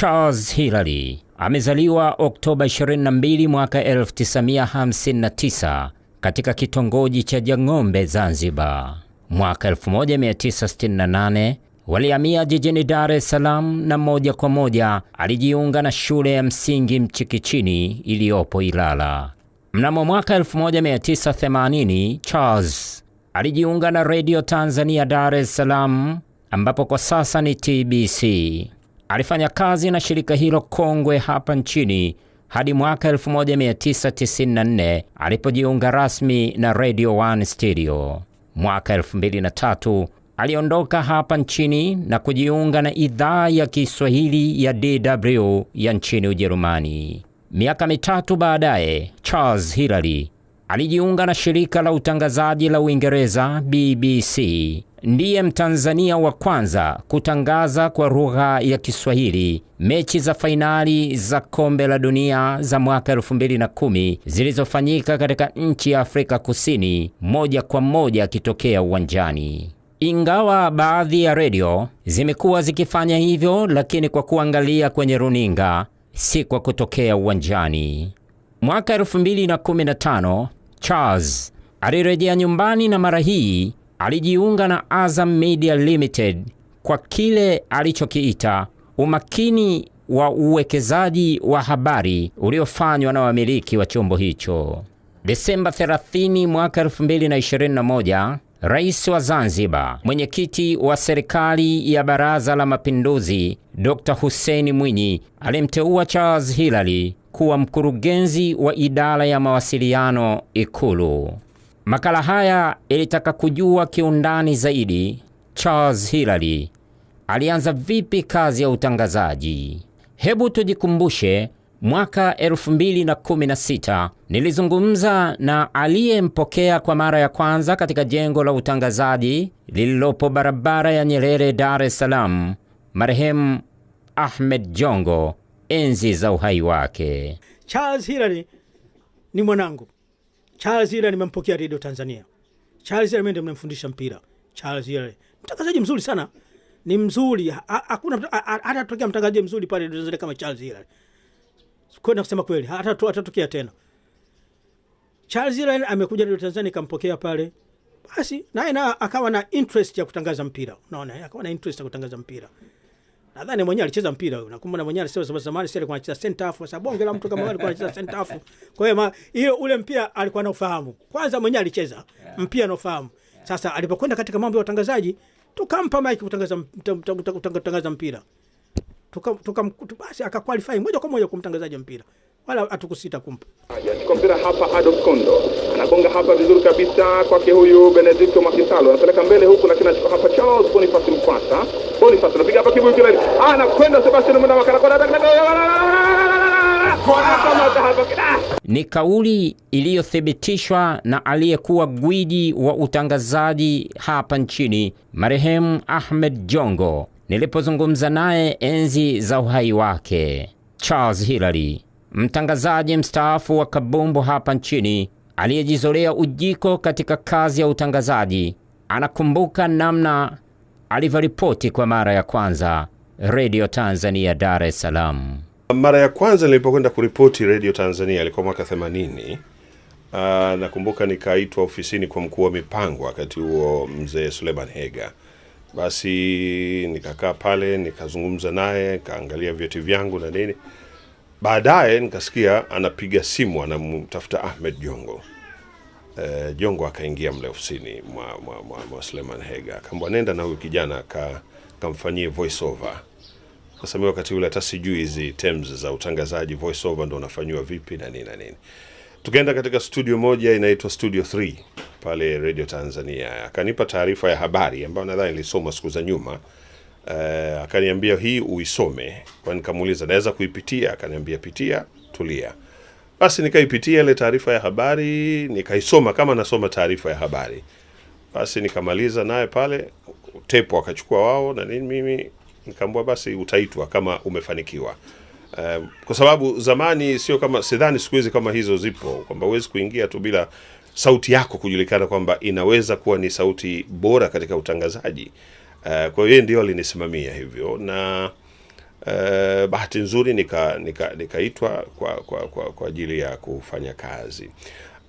Charles Hilary amezaliwa Oktoba 22 mwaka 1959 katika kitongoji cha Jang'ombe, Zanzibar. Mwaka 1968 walihamia jijini Dar es Salaam na moja kwa moja alijiunga na shule ya msingi Mchikichini iliyopo Ilala. Mnamo mwaka 1980 Charles alijiunga na Radio Tanzania Dar es Salaam ambapo kwa sasa ni TBC. Alifanya kazi na shirika hilo kongwe hapa nchini hadi mwaka 1994 alipojiunga rasmi na Radio 1 Studio. Mwaka 2003 aliondoka hapa nchini na kujiunga na idhaa ya Kiswahili ya DW ya nchini Ujerumani. Miaka mitatu baadaye, Charles Hillary alijiunga na shirika la utangazaji la Uingereza BBC ndiye Mtanzania wa kwanza kutangaza kwa lugha ya Kiswahili mechi za fainali za kombe la dunia za mwaka 2010 zilizofanyika katika nchi ya Afrika Kusini, moja kwa moja akitokea uwanjani. Ingawa baadhi ya redio zimekuwa zikifanya hivyo, lakini kwa kuangalia kwenye runinga, si kwa kutokea uwanjani. Mwaka 2015 Charles alirejea nyumbani na mara hii alijiunga na Azam Media Limited kwa kile alichokiita umakini wa uwekezaji wa habari uliofanywa na wamiliki wa chombo hicho. Desemba 30 mwaka 2021, Rais wa Zanzibar, mwenyekiti wa serikali ya Baraza la Mapinduzi, Dr. Hussein Mwinyi alimteua Charles Hilary kuwa mkurugenzi wa idara ya mawasiliano Ikulu. Makala haya yalitaka kujua kiundani zaidi Charles Hilary alianza vipi kazi ya utangazaji. Hebu tujikumbushe, mwaka 2016 nilizungumza na aliyempokea kwa mara ya kwanza katika jengo la utangazaji lililopo barabara ya Nyerere, Dar es Salaam, marehemu Ahmed Jongo enzi za uhai wake. Charles Hillary ni mwanangu. Charles Hillary nimempokea Radio Tanzania. Charles Hillary ndiye mnamfundisha mpira. Charles Hillary mtangazaji mzuri sana, ni mzuri, hakuna hata tokea mtangazaji mzuri pale Radio Tanzania kama Charles Hillary. Kwenda kusema kweli, hata atatokea tena. Charles Hillary amekuja Radio Tanzania kampokea pale, basi naye na akawa na interest ya kutangaza mpira. Unaona, akawa na interest ya kutangaza mpira nadhani mwenyewe alicheza mpira huyo, nakumbuka mwenyewe alisema sababu zamani sasa alikuwa anacheza center half. sababu bonge la mtu kama wewe alikuwa anacheza center half, kwa hiyo hiyo ule mpira alikuwa na ufahamu kwanza, mwenyewe alicheza mpira na ufahamu Sasa alipokwenda katika mambo ya utangazaji, tukampa mike kutangaza kutangaza mpira, tukam tukam basi akakwalify moja kwa moja kwa mtangazaji wa mpira wala hatukusita kumpa. Yashika mpira hapa, Adolf Kondo anagonga hapa vizuri kabisa kwake huyu Benedicto Makisalo, anapeleka mbele huku, lakini anachukua hapa Charles Boniface Mkwasa. Boniface anapiga hapa kibuyu kile, anakwenda Sebastian Mwenda kwa dada ni kauli iliyothibitishwa na aliyekuwa gwiji wa utangazaji hapa nchini marehemu Ahmed Jongo nilipozungumza naye enzi za uhai wake. Charles Hilary mtangazaji mstaafu wa kabumbu hapa nchini aliyejizolea ujiko katika kazi ya utangazaji anakumbuka namna alivyoripoti kwa mara ya kwanza Radio Tanzania Dar es Salaam. Mara ya kwanza nilipokwenda kuripoti Radio Tanzania alikuwa mwaka 80. uh, ah, nakumbuka nikaitwa ofisini kwa mkuu wa mipango wakati huo mzee Suleiman Hega. Basi nikakaa pale nikazungumza naye, kaangalia vyeti vyangu na nini Baadaye nikasikia anapiga simu anamtafuta Ahmed Jongo. E, Jongo akaingia mle ofisini mwa, mwa, mwa, mwa suleiman Hega akaambwa nenda na huyu kijana kamfanyie voice Sasa wakati ule hata sijui hizi terms za utangazaji voice ndo unafanyiwa vipi na nini na nini. Tukaenda katika studio moja inaitwa Studio 3 pale Radio Tanzania, akanipa taarifa ya habari ambayo nadhani ilisomwa siku za nyuma uh, akaniambia hii uisome. Kwa nikamuuliza naweza kuipitia? Akaniambia pitia, tulia. Basi nikaipitia ile taarifa ya habari, nikaisoma kama nasoma taarifa ya habari. Basi nikamaliza naye pale, tepo akachukua wao na nini, mimi nikaambua basi utaitwa kama umefanikiwa. Um, kwa sababu zamani sio kama, sidhani siku hizi kama hizo zipo, kwamba huwezi kuingia tu bila sauti yako kujulikana, kwamba inaweza kuwa ni sauti bora katika utangazaji. Eh, kwa hiyo ndio alinisimamia hivyo na uh, bahati nzuri nikaitwa nika, nika kwa, kwa, kwa, kwa ajili ya kufanya kazi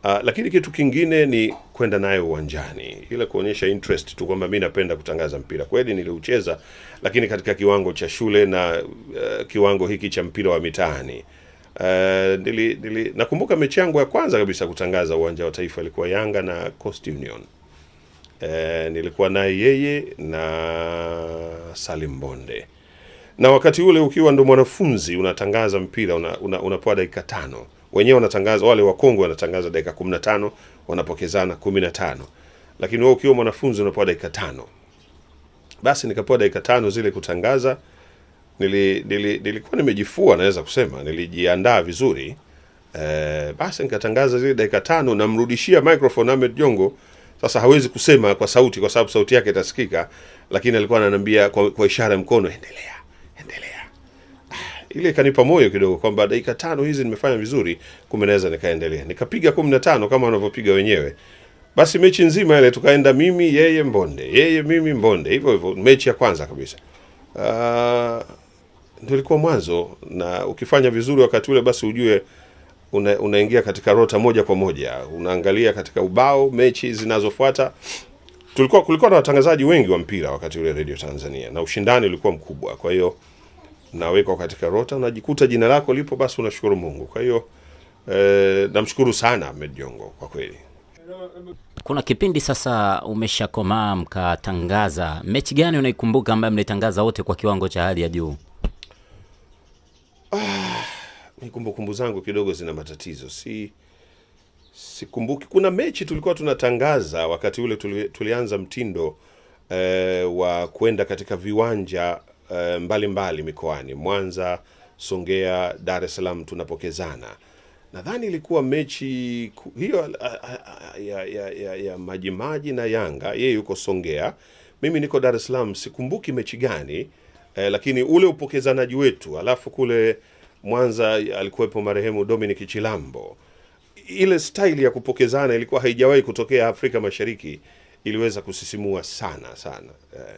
uh, lakini kitu kingine ni kwenda nayo uwanjani, ile kuonyesha interest tu kwamba mi napenda kutangaza mpira. Kweli niliucheza, lakini katika kiwango cha shule na uh, kiwango hiki cha mpira wa mitaani Uh, nili, nili, nakumbuka mechi yangu ya kwanza kabisa kutangaza uwanja wa Taifa ilikuwa Yanga na Coast Union e, nilikuwa naye yeye na Salim Bonde, na wakati ule ukiwa ndo mwanafunzi unatangaza mpira unapoa una, una dakika tano, wenyewe wanatangaza wale wakongwe wanatangaza dakika tano wanapokezana tano lakini wewe ukiwa mwanafunzi unapoa dakika tano. Basi nikapewa dakika tano zile kutangaza nili, nili, nilikuwa nimejifua naweza kusema nilijiandaa vizuri e, basi nikatangaza zile dakika tano, namrudishia microphone Ahmed Jongo sasa hawezi kusema kwa sauti, kwa sababu sauti yake itasikika, lakini alikuwa ananiambia kwa, kwa ishara ya mkono, endelea endelea. Ah, ile ikanipa moyo kidogo kwamba dakika tano hizi nimefanya vizuri, kumbe naweza nikaendelea. Nikapiga kumi na tano kama wanavyopiga wenyewe. Basi mechi nzima ile tukaenda mimi yeye Mbonde, yeye mimi Mbonde, hivyo hivyo. Mechi ya kwanza kabisa uh, ndio ilikuwa mwanzo, na ukifanya vizuri wakati ule basi ujue una, unaingia katika rota moja kwa moja, unaangalia katika ubao mechi zinazofuata. Tulikuwa kulikuwa na watangazaji wengi wa mpira wakati ule Radio Tanzania, na ushindani ulikuwa mkubwa. Kwa hiyo nawekwa katika rota, unajikuta jina lako lipo, basi unashukuru Mungu. Kwa hiyo eh, namshukuru sana Ahmed Jongo kwa kweli. Kuna kipindi sasa umeshakomaa mkatangaza, mechi gani unaikumbuka ambayo mlitangaza wote kwa kiwango cha hali ya juu? kumbukumbu zangu kidogo zina matatizo, si sikumbuki. Kuna mechi tulikuwa tunatangaza wakati ule tuli, tulianza mtindo e, wa kwenda katika viwanja e, mbalimbali mikoani Mwanza, Songea, Dar es Salaam tunapokezana. Nadhani ilikuwa mechi hiyo ya, ya, ya, ya Majimaji na Yanga, yeye yuko Songea, mimi niko Dar es Salaam. Sikumbuki mechi gani eh, lakini ule upokezanaji wetu alafu kule Mwanza alikuwepo marehemu Dominic Chilambo. Ile staili ya kupokezana ilikuwa haijawahi kutokea Afrika Mashariki, iliweza kusisimua sana sana eh.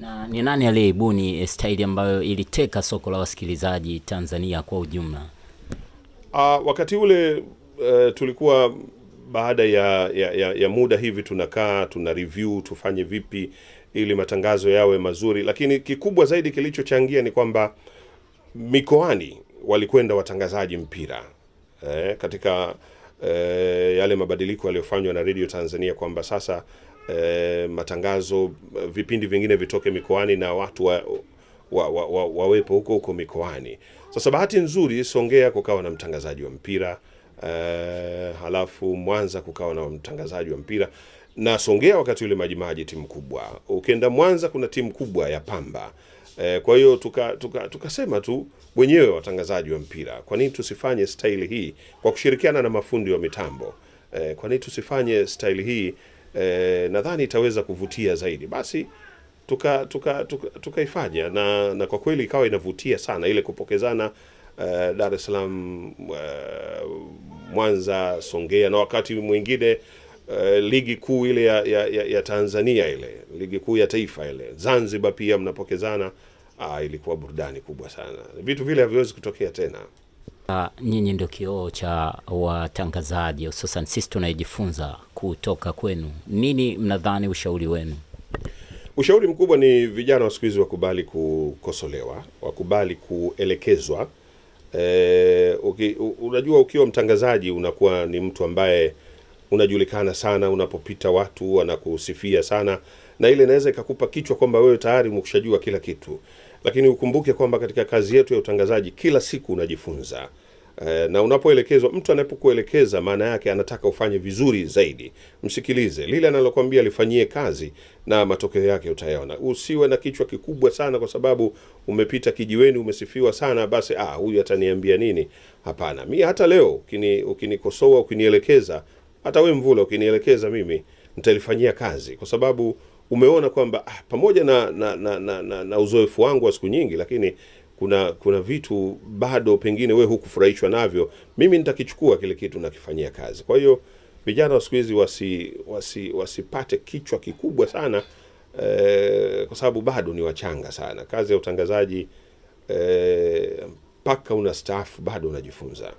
Na ni nani aliyeibuni eh, staili ambayo iliteka soko la wasikilizaji Tanzania kwa ujumla? Aa, ah, wakati ule uh, tulikuwa baada ya, ya, ya, ya muda hivi tunakaa tuna review tufanye vipi ili matangazo yawe mazuri, lakini kikubwa zaidi kilichochangia ni kwamba mikoani walikwenda watangazaji mpira eh, katika eh, yale mabadiliko yaliyofanywa na Radio Tanzania kwamba sasa eh, matangazo vipindi vingine vitoke mikoani na watu wa, wa, wa, wa, wawepo huko huko mikoani. Sasa bahati nzuri Songea kukawa na mtangazaji wa mpira eh, halafu Mwanza kukawa na mtangazaji wa mpira na Songea wakati ule Majimaji timu kubwa. Ukienda Mwanza kuna timu kubwa ya Pamba. E, kwa hiyo tukasema tuka, tuka tu wenyewe watangazaji wa mpira, kwa nini tusifanye staili hii kwa kushirikiana na mafundi wa mitambo e, kwa nini tusifanye staili hii e, nadhani itaweza kuvutia zaidi. Basi tukaifanya tuka, tuka, tuka na, na kwa kweli ikawa inavutia sana ile kupokezana uh, Dar es Salaam uh, Mwanza, Songea na wakati mwingine Eh, ligi kuu ile ya, ya, ya Tanzania ile ligi kuu ya taifa ile Zanzibar pia mnapokezana. Ah, ilikuwa burudani kubwa sana. Vitu vile haviwezi kutokea tena. Ah, nyinyi ndio kioo cha watangazaji, hususan sisi tunayejifunza kutoka kwenu. Nini mnadhani ushauri wenu? Ushauri mkubwa ni vijana wa siku hizi wakubali kukosolewa, wakubali kuelekezwa. E, uki, unajua ukiwa mtangazaji unakuwa ni mtu ambaye unajulikana sana, unapopita watu wanakusifia sana, na ile inaweza ikakupa kichwa kwamba wewe tayari umekushajua kila kitu, lakini ukumbuke kwamba katika kazi yetu ya utangazaji kila siku unajifunza eh, na unapoelekezwa, mtu anapokuelekeza maana yake anataka ufanye vizuri zaidi. Msikilize lile analokwambia, lifanyie kazi na matokeo yake utayaona. Usiwe na kichwa kikubwa sana kwa sababu umepita kijiweni, umesifiwa sana, basi ah, huyu ataniambia nini? Hapana, mi hata leo ukinikosoa, ukinielekeza hata we Mvula ukinielekeza mimi nitalifanyia kazi, kwa sababu umeona kwamba ah, pamoja na, na, na, na, na, na uzoefu wangu wa siku nyingi, lakini kuna kuna vitu bado pengine we hukufurahishwa navyo, mimi nitakichukua kile kitu nakifanyia kazi. Kwa hiyo vijana wa siku hizi wasi, wasi, wasipate kichwa kikubwa sana eh, kwa sababu bado ni wachanga sana. Kazi ya utangazaji eh, mpaka eh, una staafu bado unajifunza.